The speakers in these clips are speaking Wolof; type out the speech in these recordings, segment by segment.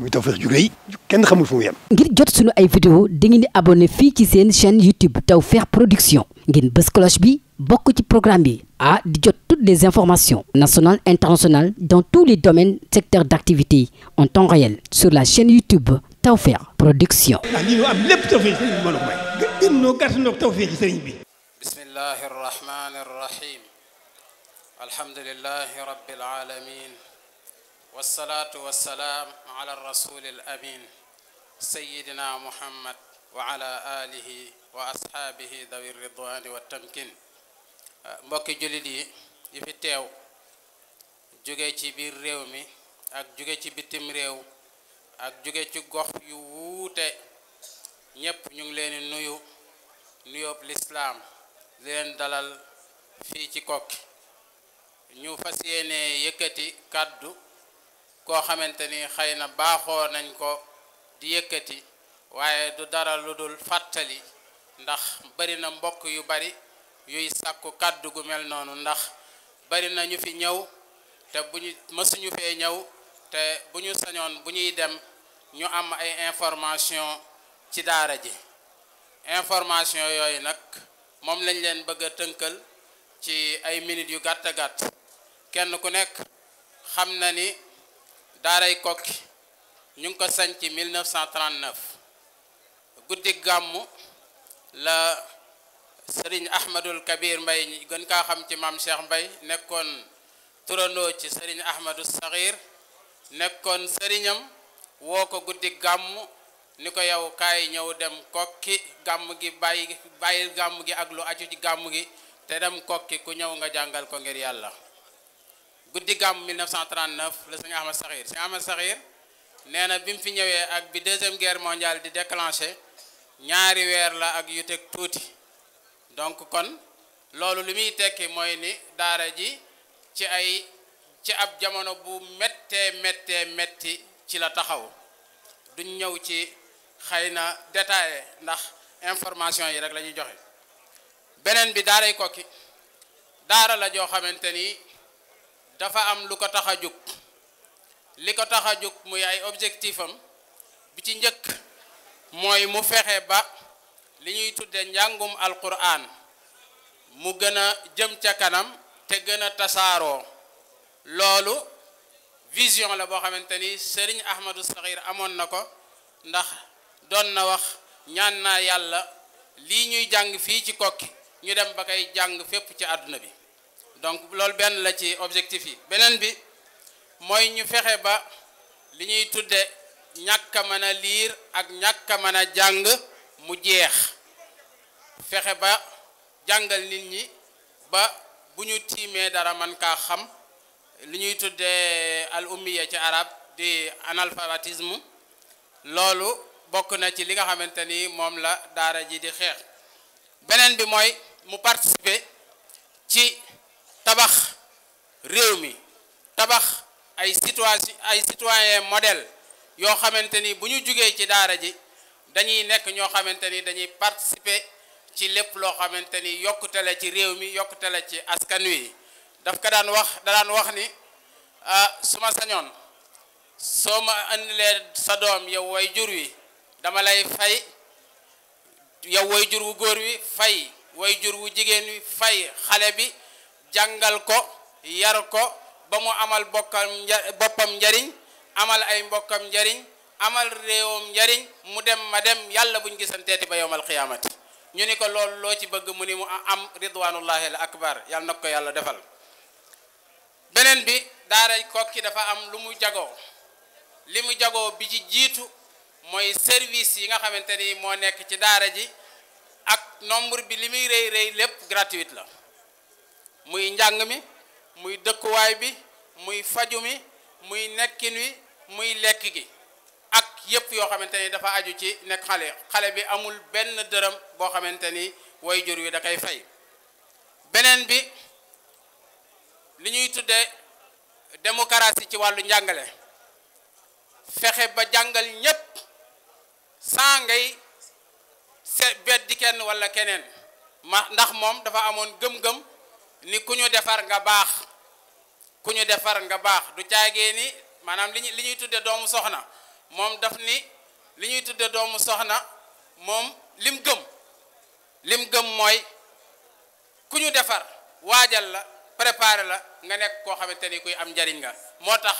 muy Tawfekh ju rëy kenn xamul fu mu yem. ngir jot sunu ay vidéo dangeen di abonné fii ci seen chaîne YouTube Tawfekh Production ngeen bës cloche bi bokk ci programme bi ah di jot toutes les informations nationales internationales dans tous les domaines secteurs d'activité en temps réel sur la chaîne YouTube Tawfekh Production. ah lii am lépp tawfeex ci sëriñ bi mbooloo mooy. gën gën ñoo gàtt ñoo tawfeex ci sëriñ bi. bismillahir rahmanir rahim alhamdulillahi rabbil alamin. wasalaatu wasalaam ala rasuli al amin sayidina muhammad wa ala wa ashaabihi dawi ridwani wa tamkin mbokki jullit yi yi fi teew jóge ci biir réew mi ak jóge ci bitim réew ak jóge ci gox yu wuute ñépp ñu ngi leen di nuyu nuyoob lislaam leen dalal fii ci kokki ñu fas yéene yëkkati kàddu koo xamante ni xëy na baaxoo nañ ko di yëkkati waaye du dara lu dul fàttali ndax bari na mbokk yu bari yuy sàkku kàddu gu mel noonu ndax bari na ñu fi ñëw te bu ñu mësuñu ñëw te bu ñu sañoon bu ñuy dem ñu am ay information ci daara ji information yooyu nag moom lañ leen bëgg a tënkal ci ay minutes yu gàtt gàtt kenn ku nekk xam na ni daaray kokki ñu ngi ko sanc 1939 guddi gàmmu la sëriñ ahmadul kabir mbay gën kaa xam ci maam cheikh mbay nekkoon turandoo ci sëriñ ahmadul saxiir nekkoon sëriñam woo ko guddi gàmmu ni ko yow kaay ñëw dem kokki gàmm gi bàyyi bàyyi gàmm gi ak lu aju ci gàmm gi te dem kokki ku ñëw nga jàngal ko ngir yàlla guddi gàmm 1939 la sëñ Ahmad Saxiir sëñ Ahmad Saxiir nee na bi mu fi ñëwee ak bi deuxième guerre mondiale di déclenché ñaari weer la ak yu teg tuuti donc kon loolu li muy tekki mooy ni daara ji ci ay ci ab jamono bu méttee méttee métti ci la taxaw duñ ñëw ci xëy na détaillé ndax information yi rek la ñuy joxe beneen bi daaray kokki daara la joo xamante ni dafa am lu ko tax a jóg li ko tax a jóg muy ay objectif bi ci njëkk mooy mu fexe ba li ñuy tudde njàngum alquran mu gën a jëm ca kanam te gën a tasaaroo loolu vision la boo xamante ni Serigne Ahmadou Sakhir amoon na ko ndax doon na wax ñaan naa yàlla lii ñuy jàng fii ci kokki ñu dem ba koy jàng fépp ci àdduna bi donc loolu benn la ci objectif yi beneen bi mooy ñu fexe ba li ñuy tudde ñàkk a mën a liir ak ñàkk a mën a jàng mu jeex fexe ba jàngal nit ñi ba bu ñu tiimee dara man kaa xam li ñuy tuddee al ummiya ci arab di analphabétisme loolu bokk na ci li nga xamante ni moom la daara ji di xeex beneen bi mooy mu participer ci tabax réew mi tabax ay situation ay citoyen modèle yoo xamante ni bu ñu jugee ci daara ji dañuy nekk ñoo xamante ni dañuy participer ci lépp loo xamante ni yokkute la ci réew mi yokkute la ci askan wi daf ko daan wax da daan wax ni ah su ma sañoon soo ma indilee sa doom yow way jur wi dama lay fay yow way jur wu góor wi fay way jur wu jigéen wi fay xale bi jàngal ko yar ko ba mu amal bokkam boppam njariñ amal ay mbokkam njariñ amal réewam njariñ mu dem ma dem yàlla buñ gisanteeti ba yowmal xiyaamati ñu ni ko loolu loo ci bëgg mu ni mu am ridwanullahi al akbar yàlla na ko yàlla defal beneen bi daara kokki dafa am lu mu jagoo li mu jagoo bi ci jiitu mooy service yi nga xamante ni moo nekk ci daara ji ak nombre bi li muy rëy rëy lépp gratuite la muy njàng mi muy dëkkuwaay bi muy faju mi muy nekkin wi muy lekk gi ak yépp yoo xamante ni dafa aju ci nekk xale xale bi amul benn dërëm boo xamante ni way jur wi da koy fay beneen bi li ñuy tuddee démocratie ci wàllu njàngale fexe ba jàngal ñépp saa ngay se beddi kenn walla keneen ma ndax moom dafa amoon gëm-gëm ni ku ñu defar nga baax ku ñu defar nga baax du caagee ni maanaam li li ñuy tudde doomu soxna moom daf ni li ñuy tudd doomu soxna moom lim gëm lim gëm mooy ku ñu defar waajal la préparer la nga nekk koo xamante ni kuy am njariñ la moo tax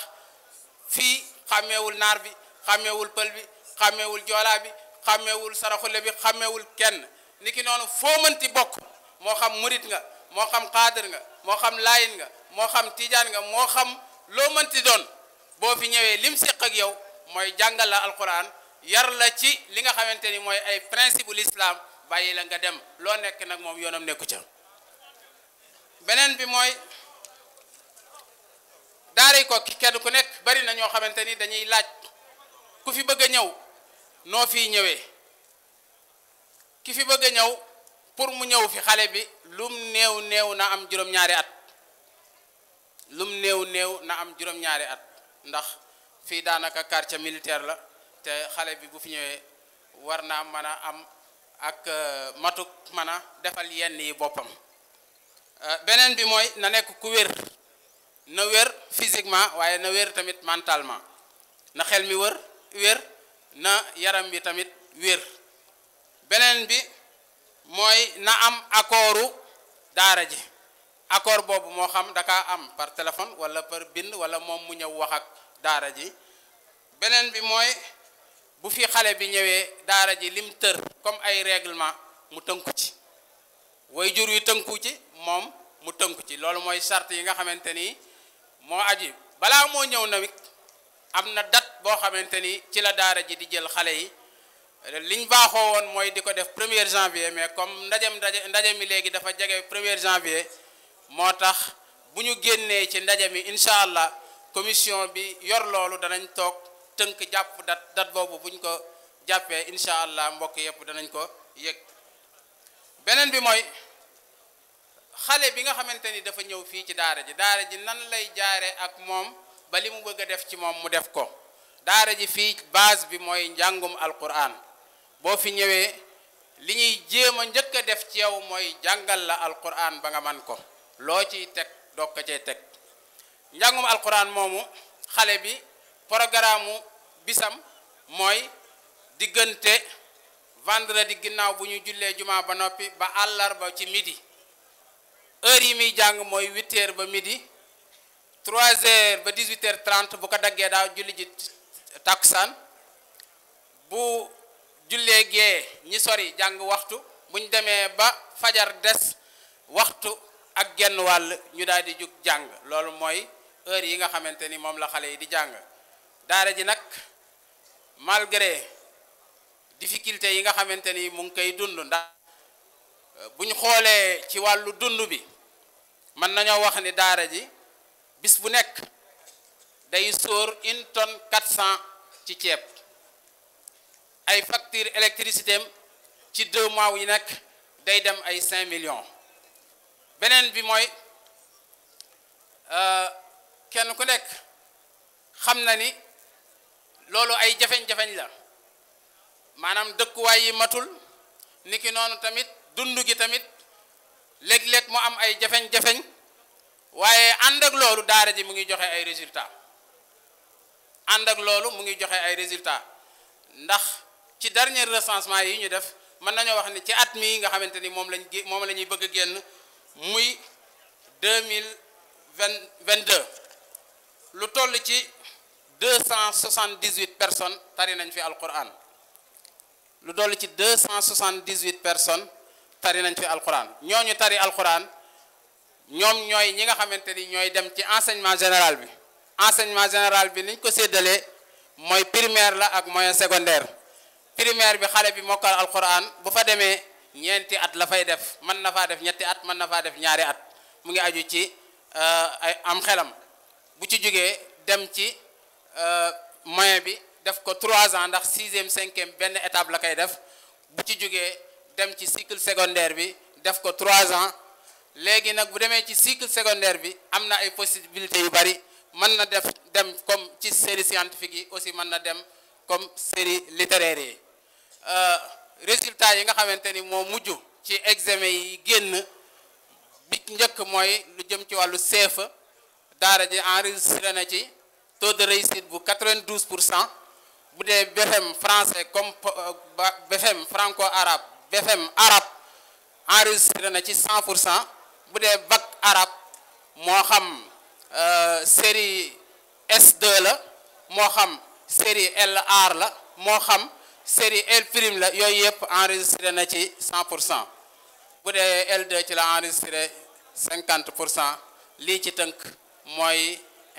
fii xàmmewul naar bi xàmmewul pël bi xàmmewul joolaa bi xàmmewul saraxule bi xàmmewul kenn ki noonu foo mënti bokk moo xam murit nga moo xam xaadir nga moo xam laayin nga moo xam tiijaan nga moo xam loo mënti doon boo fi ñëwee lim séq ak yow mooy jàngal la alquran yar la ci li nga xamante ni mooy ay principe l'islam bàyyi la nga dem loo nekk nag moom yoonam nekku ca beneen bi mooy daaray ko kenn ku nekk bari na ñoo xamante ni dañuy laaj ku fi bëgg a ñëw noo fi ñëwee ki fi bëgg a ñëw pour mu ñëw fi xale bi lum néew néew na am juróom-ñaari at lum néew néew na am juróom-ñaari at ndax fii daanaka quartier militaire la te xale bi bu fi ñëwee war naa mën a am ak euh, matuk mën a defal yenn yi boppam euh, beneen bi mooy na nekk ku wér na wér physiquement waaye na wér tamit mentalement na xel mi wër wér na yaram bi tamit wér beneen bi mooy na am accordu daara ji accord boobu moo xam daka am par téléphone wala par bind wala moom mu ñëw wax ak daara ji beneen bi mooy bu fi xale bi ñëwee daara ji lim tër comme ay réglement mu tënku ci way jur yu tënku ci moom mu tënku ci loolu mooy sart yi nga xamante ni moo aji balaa moo ñëw na nawik am na date boo xamante ni ci la daara ji di jël xale yi liñ baaxoo woon mooy di ko def premier janvier mais comme ndajem ndaje ndaje mi léegi dafa jege premier janvier moo tax bu ñu génnee ci ndaje mi incha allah commission bi yor loolu danañ toog tënk jàpp dat dat boobu buñ ko jàppee incha allah mbokk yëpp danañ ko yëg beneen bi mooy xale bi nga xamante ni dafa ñëw fii ci daara ji daara ji nan lay jaare ak moom ba li mu bëgg a def ci moom mu def ko daara ji fii base bi mooy njàngum alquran boo fi ñëwee li ñuy jéem a njëkk a def ci yow mooy jàngal la alquran ba nga man ko loo ci teg doog ko teg njàngum alquran moomu xale bi programme bisam mooy diggante vendredi ginnaaw bu ñu jullee juma ba noppi ba àllarba ci midi heure yi muy jàng mooy 8 ba midi 3 ba 18 heures bu ko daggee daaw julli ji taksan bu jullee gee ñi sori jàng waxtu buñ demee ba fajar des waxtu ak genn wàll ñu daal di jug jàng loolu mooy heure yi nga xamante ni moom la xale yi di jàng daara ji nag malgré difficulté yi nga xamante ni mu ngi koy dund ndax euh, buñ xoolee ci wàllu dund bi mën nañoo wax ni daara ji bis bu nekk day sóor une tonne quatre ci ceeb ay facture électricité am ci deux mois yi nekk day dem ay cinq million beneen bi mooy euh, kenn ku nekk xam na ni loolu ay jafeñ-jafeñ la maanaam dëkkuwaay yi matul niki noonu tamit dund gi tamit léeg-léeg mu am ay jafeñ-jafeñ waaye ànd ak loolu daara ji mu ngi joxe ay résultat ànd ak loolu mu ngi joxe ay résultat ndax ci dernier recensement yi ñu def mën nañoo wax ni ci at mii nga xamante ni moom lañ moom la ñuy bëgg a génn muy deux mille vingt deux lu toll ci deux cent soixante dix huit personnes tari nañ fi alquran lu toll ci deux cent soixante dix huit personnes tari nañ fi alquran ñooñu tari alquran ñoom ñooy ñi nga xamante ni ñooy dem ci enseignement général bi enseignement général bi niñ ko séddalee mooy primaire la ak moyen secondaire. primaire bi xale bi mokkal alquran bu fa demee ñeenti at la fay def man na faa def ñetti at man na faa def ñaari at mu ngi aju ci euh, ay am xelam bu ci jógee dem ci euh, moyen bi def ko 3 ans ndax sixième cinquième benn étape la koy def bu ci jógee dem ci cycle secondaire bi def ko trois ans léegi nag bu demee ci cycle secondaire bi am na ay possibilités yu bari mën na def dem comme ci série scientifique yi aussi mën na dem comme série littéraire yi Euh, résultat yi nga xamante ni moo mujj ci examen yi génn bi njëkk mooy lu jëm ci wàllu CFEE daara ji enregistré na ci taux de réussite bu 92 pour cent bu dee BFEM français comme euh, BFEM franco arabe BFEM arabe enregistré na ci 100 pour cent bu dee bac arabe moo xam euh, série s la moo xam série LR la moo xam. série L prime la yooyu yëpp enregistré na ci 100 pour cent bu dee l ci la enregistré 50 pour cent lii ci tënk mooy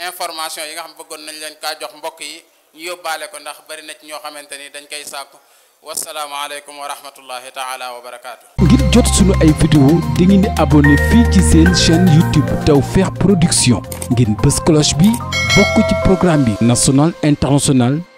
information yi nga xam bëggoon nañ leen kaa jox mbokk yi ñu yóbbaale ko ndax bari na ci ñoo xamante ni dañ koy sàkku wasalaamaaleykum wa rahmatullahi taala wa barakaatu. ngir jot suñu ay vidéo di ngeen di abonné fii ci seen chaîne YouTube Tawfekh Production ngeen bës cloche bi bokk ci programme bi national international